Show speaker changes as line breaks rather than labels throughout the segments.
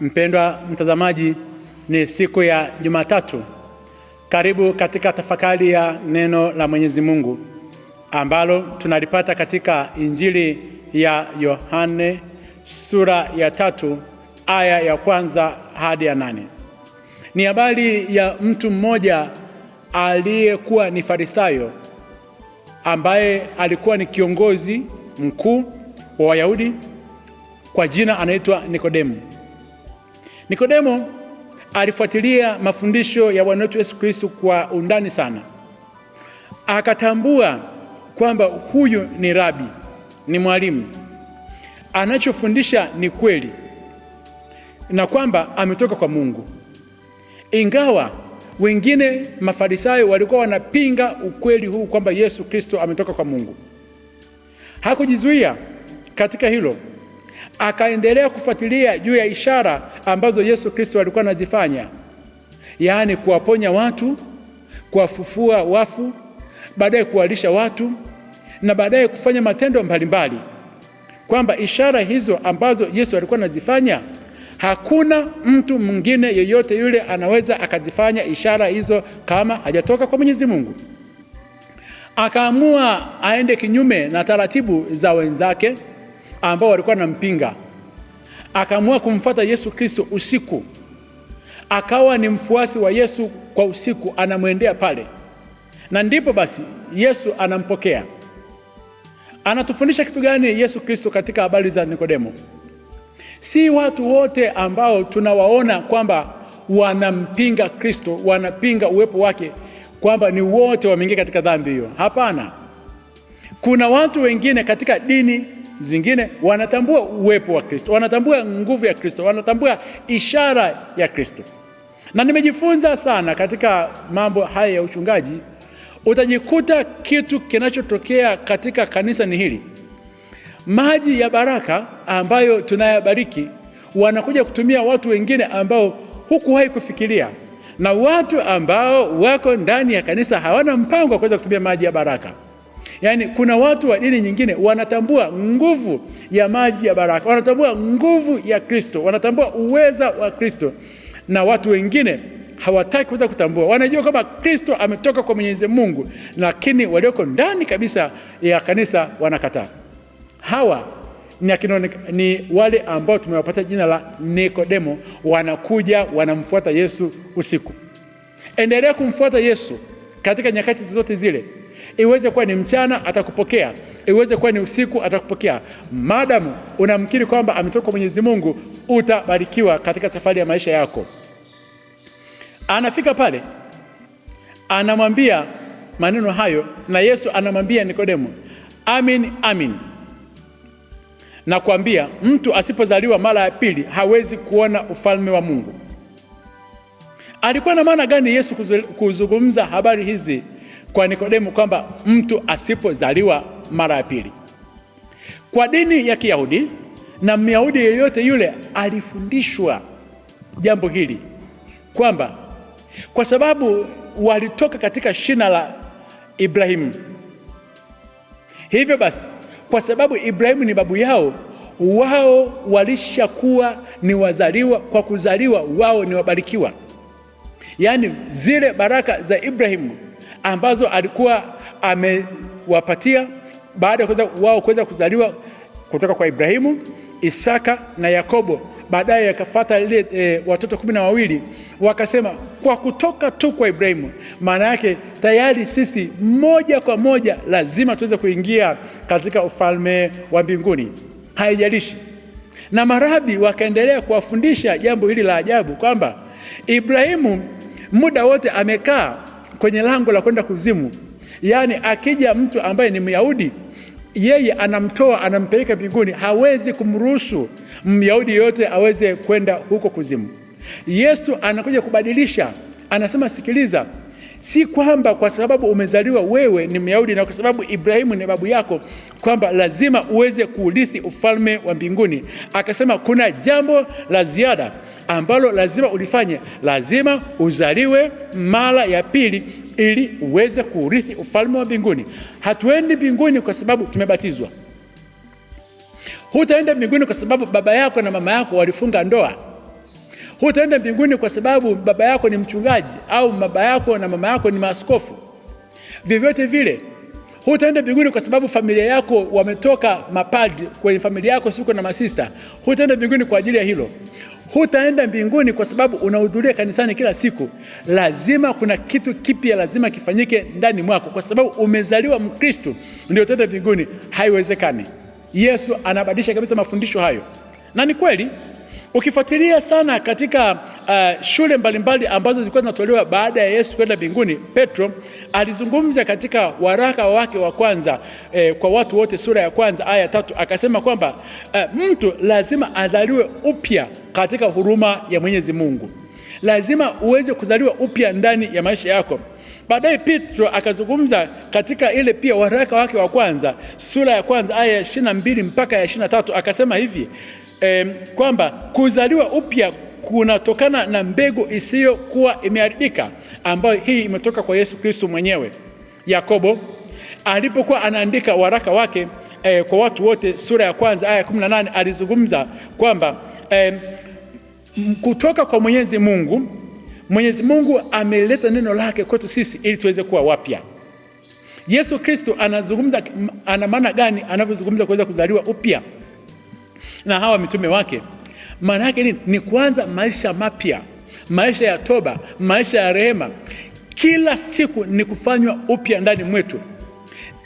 Mpendwa mtazamaji, ni siku ya Jumatatu. Karibu katika tafakari ya neno la Mwenyezi Mungu ambalo tunalipata katika Injili ya Yohane sura ya tatu aya ya kwanza hadi ya nane. Ni habari ya mtu mmoja aliyekuwa ni Farisayo ambaye alikuwa ni kiongozi mkuu wa Wayahudi, kwa jina anaitwa Nikodemu. Nikodemo alifuatilia mafundisho ya Bwana wetu Yesu Kristo kwa undani sana, akatambua kwamba huyu ni rabi, ni mwalimu, anachofundisha ni kweli na kwamba ametoka kwa Mungu. Ingawa wengine Mafarisayo walikuwa wanapinga ukweli huu kwamba Yesu Kristo ametoka kwa Mungu, hakujizuia katika hilo akaendelea kufuatilia juu ya ishara ambazo Yesu Kristo alikuwa anazifanya, yaani kuwaponya watu, kuwafufua wafu, baadaye kuwalisha watu na baadaye kufanya matendo mbalimbali, kwamba ishara hizo ambazo Yesu alikuwa anazifanya hakuna mtu mwingine yeyote yule anaweza akazifanya ishara hizo kama hajatoka kwa Mwenyezi Mungu. Akaamua aende kinyume na taratibu za wenzake ambao walikuwa wanampinga, akaamua kumfuata Yesu Kristo usiku, akawa ni mfuasi wa Yesu kwa usiku, anamwendea pale, na ndipo basi Yesu anampokea. Anatufundisha kitu gani Yesu Kristo katika habari za Nikodemo? Si watu wote ambao tunawaona kwamba wanampinga Kristo, wanapinga uwepo wake, kwamba ni wote wameingia katika dhambi hiyo. Hapana, kuna watu wengine katika dini zingine wanatambua uwepo wa Kristo, wanatambua nguvu ya Kristo, wanatambua ishara ya Kristo. Na nimejifunza sana katika mambo haya ya uchungaji, utajikuta kitu kinachotokea katika kanisa ni hili: maji ya baraka ambayo tunayabariki wanakuja kutumia watu wengine ambao hukuwahi kufikiria, na watu ambao wako ndani ya kanisa hawana mpango wa kuweza kutumia maji ya baraka. Yaani kuna watu wa dini nyingine wanatambua nguvu ya maji ya baraka, wanatambua nguvu ya Kristo, wanatambua uweza wa Kristo, na watu wengine hawataki kuweza kutambua. Wanajua kwamba Kristo ametoka kwa Mwenyezi Mungu, lakini walioko ndani kabisa ya kanisa wanakataa. Hawa ni, akinone, ni wale ambao tumewapata jina la Nikodemo, wanakuja wanamfuata Yesu usiku. Endelea kumfuata Yesu katika nyakati zote zile iweze kuwa ni mchana atakupokea, iweze kuwa ni usiku atakupokea. madamu unamkiri kwamba ametoka kwa Mwenyezi Mungu, utabarikiwa katika safari ya maisha yako. Anafika pale anamwambia maneno hayo, na Yesu anamwambia Nikodemo, amin amin kuambia mtu asipozaliwa mara ya pili hawezi kuona ufalme wa Mungu. Alikuwa na maana gani Yesu kuzungumza habari hizi? kwa Nikodemu kwamba mtu asipozaliwa mara ya pili. Kwa dini ya Kiyahudi na Myahudi yeyote yule alifundishwa jambo hili kwamba kwa sababu walitoka katika shina la Ibrahimu, hivyo basi kwa sababu Ibrahimu ni babu yao, wao walishakuwa ni wazaliwa kwa kuzaliwa, wao ni wabarikiwa, yaani zile baraka za Ibrahimu ambazo alikuwa amewapatia baada ya wao kuweza kuzaliwa kutoka kwa Ibrahimu, Isaka na Yakobo. Baadaye yakafata lile e, watoto kumi na wawili. Wakasema kwa kutoka tu kwa Ibrahimu, maana yake tayari sisi moja kwa moja lazima tuweze kuingia katika ufalme wa mbinguni, haijalishi. Na marabi wakaendelea kuwafundisha jambo hili la ajabu kwamba Ibrahimu muda wote amekaa kwenye lango la kwenda kuzimu. Yaani akija mtu ambaye ni Myahudi, yeye anamtoa anampeleka mbinguni, hawezi kumruhusu Myahudi yoyote aweze kwenda huko kuzimu. Yesu anakuja kubadilisha, anasema sikiliza Si kwamba kwa sababu umezaliwa wewe ni Myahudi na kwa sababu Ibrahimu ni babu yako kwamba lazima uweze kuurithi ufalme wa mbinguni. Akasema kuna jambo la ziada ambalo lazima ulifanye, lazima uzaliwe mara ya pili ili uweze kuurithi ufalme wa mbinguni. Hatuendi mbinguni kwa sababu tumebatizwa. Hutaenda mbinguni kwa sababu baba yako na mama yako walifunga ndoa hutaenda mbinguni kwa sababu baba yako ni mchungaji au baba yako na mama yako ni maaskofu. Vyovyote vile hutaenda mbinguni kwa sababu familia yako wametoka mapadri, kwenye familia yako siko na masista. Hutaenda mbinguni kwa ajili ya hilo. Hutaenda mbinguni kwa sababu unahudhuria kanisani kila siku. Lazima kuna kitu kipya, lazima kifanyike ndani mwako, kwa sababu umezaliwa Mkristo ndio utaenda mbinguni. Haiwezekani. Yesu anabadilisha kabisa mafundisho hayo, na ni kweli Ukifuatilia sana katika uh, shule mbalimbali ambazo zilikuwa zinatolewa baada ya Yesu kwenda mbinguni, Petro alizungumza katika waraka wake wa kwanza eh, kwa watu wote sura ya kwanza aya tatu akasema kwamba uh, mtu lazima azaliwe upya katika huruma ya Mwenyezi Mungu. Lazima uweze kuzaliwa upya ndani ya maisha yako. Baadaye Petro akazungumza katika ile pia waraka wake wa kwanza sura ya kwanza aya ya ishirini na mbili mpaka ya ishirini na tatu akasema hivi eh, kwamba kuzaliwa upya kunatokana na mbegu isiyokuwa imeharibika ambayo hii imetoka kwa Yesu Kristo mwenyewe. Yakobo alipokuwa anaandika waraka wake eh, kwa watu wote sura ya kwanza aya 18 alizungumza kwamba eh, kutoka kwa Mwenyezi Mungu, Mwenyezi Mungu ameleta neno lake kwetu sisi ili tuweze kuwa wapya. Yesu Kristo anazungumza, ana maana gani anavyozungumza kuweza kuzaliwa upya? na hawa mitume wake. Maana yake nini? Ni kuanza maisha mapya, maisha ya toba, maisha ya rehema. Kila siku ni kufanywa upya ndani mwetu,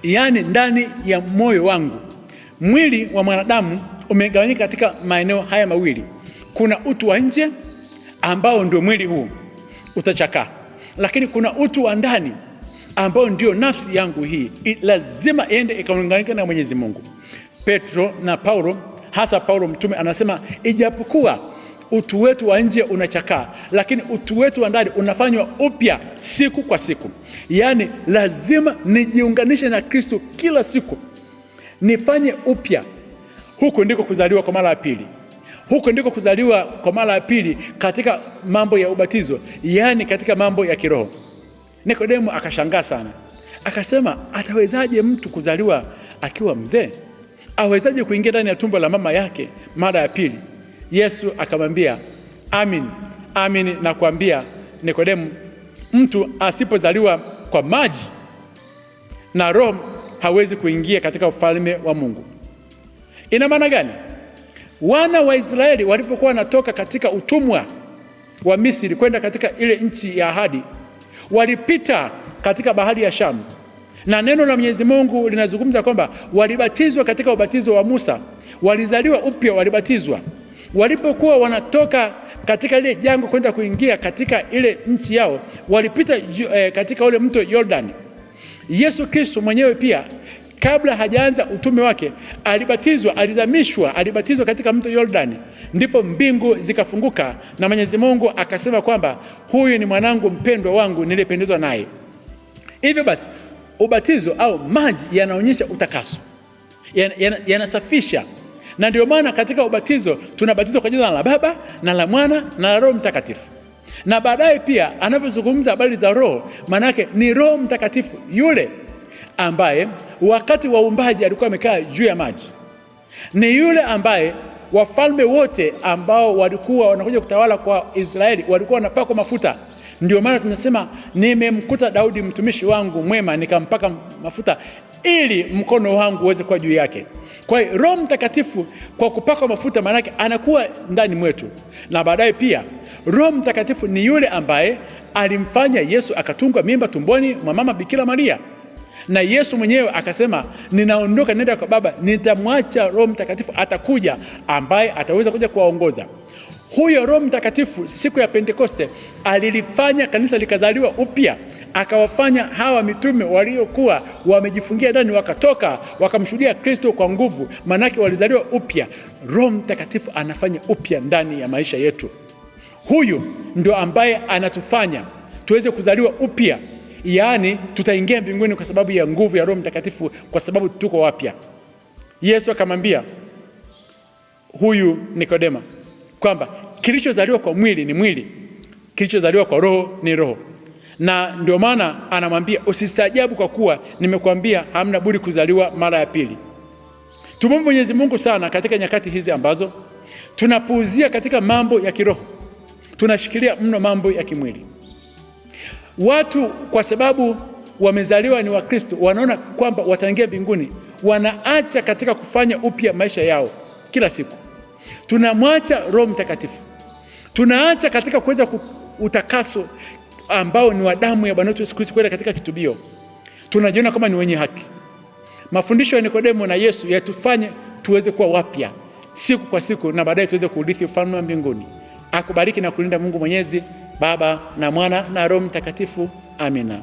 yaani ndani ya moyo wangu. Mwili wa mwanadamu umegawanyika katika maeneo haya mawili. Kuna utu wa nje ambao ndio mwili huu utachakaa, lakini kuna utu wa ndani ambao ndio nafsi yangu hii, lazima iende ikaunganika na Mwenyezi Mungu. Petro na Paulo hasa Paulo mtume anasema, ijapokuwa utu wetu wa nje unachakaa, lakini utu wetu wa ndani unafanywa upya siku kwa siku. Yaani lazima nijiunganishe na Kristo kila siku, nifanye upya. Huku ndiko kuzaliwa kwa mara ya pili, huku ndiko kuzaliwa kwa mara ya pili katika mambo ya ubatizo, yaani katika mambo ya kiroho. Nikodemu akashangaa sana, akasema atawezaje mtu kuzaliwa akiwa mzee? awezaje kuingia ndani ya tumbo la mama yake mara ya pili? Yesu akamwambia, amin amin nakwambia Nikodemu, mtu asipozaliwa kwa maji na Roho hawezi kuingia katika ufalme wa Mungu. Ina maana gani? Wana wa Israeli walipokuwa wanatoka katika utumwa wa Misri kwenda katika ile nchi ya ahadi, walipita katika bahari ya Shamu na neno la Mwenyezi Mungu linazungumza kwamba walibatizwa katika ubatizo wa Musa, walizaliwa upya, walibatizwa walipokuwa wanatoka katika ile jango kwenda kuingia katika ile nchi yao, walipita eh, katika ule mto Yordani. Yesu Kristo mwenyewe pia kabla hajaanza utume wake alibatizwa, alizamishwa, alibatizwa katika mto Yordani, ndipo mbingu zikafunguka na Mwenyezi Mungu akasema kwamba huyu ni mwanangu mpendwa wangu nilipendezwa naye. Hivyo basi ubatizo au maji yanaonyesha utakaso, yanasafisha yana, yana na ndio maana katika ubatizo tunabatizwa kwa jina la Baba na la Mwana na la Roho Mtakatifu. Na baadaye pia anavyozungumza habari za Roho, maana yake ni Roho Mtakatifu yule ambaye wakati wa uumbaji alikuwa amekaa juu ya maji, ni yule ambaye wafalme wote ambao walikuwa wanakuja kutawala kwa Israeli walikuwa wanapakwa mafuta. Ndio maana tunasema nimemkuta Daudi mtumishi wangu mwema, nikampaka mafuta ili mkono wangu uweze kuwa juu yake. Kwa hiyo Roho Mtakatifu kwa kupakwa mafuta, maanake anakuwa ndani mwetu, na baadaye pia Roho Mtakatifu ni yule ambaye alimfanya Yesu akatungwa mimba tumboni mwa mama Bikira Maria, na Yesu mwenyewe akasema, ninaondoka, nenda kwa Baba, nitamwacha Roho Mtakatifu atakuja, ambaye ataweza kuja kuwaongoza. Huyo Roho Mtakatifu siku ya Pentekoste alilifanya kanisa likazaliwa upya, akawafanya hawa mitume waliokuwa wamejifungia ndani, wakatoka wakamshuhudia Kristo kwa nguvu. Maanake walizaliwa upya. Roho Mtakatifu anafanya upya ndani ya maisha yetu. Huyu ndio ambaye anatufanya tuweze kuzaliwa upya, yaani tutaingia mbinguni kwa sababu ya nguvu ya Roho Mtakatifu, kwa sababu tuko wapya. Yesu akamwambia huyu Nikodema kwamba kilichozaliwa kwa mwili ni mwili, kilichozaliwa kwa roho ni roho. Na ndio maana anamwambia usistaajabu, kwa kuwa nimekwambia hamna budi kuzaliwa mara ya pili. Tumwombe Mwenyezi Mungu sana katika nyakati hizi ambazo tunapuuzia katika mambo ya kiroho, tunashikilia mno mambo ya kimwili. Watu kwa sababu wamezaliwa ni Wakristo, wanaona kwamba wataingia mbinguni, wanaacha katika kufanya upya maisha yao kila siku tunamwacha Roho Mtakatifu, tunaacha katika kuweza utakaso ambao ni wa damu ya Bwana wetu Yesu Kristo kwenda katika kitubio, tunajiona kama ni wenye haki. Mafundisho ya Nikodemo na Yesu yatufanye tuweze kuwa wapya siku kwa siku, na baadaye tuweze kuurithi ufalme wa mbinguni. Akubariki na kulinda Mungu Mwenyezi, Baba na Mwana na Roho Mtakatifu. Amina.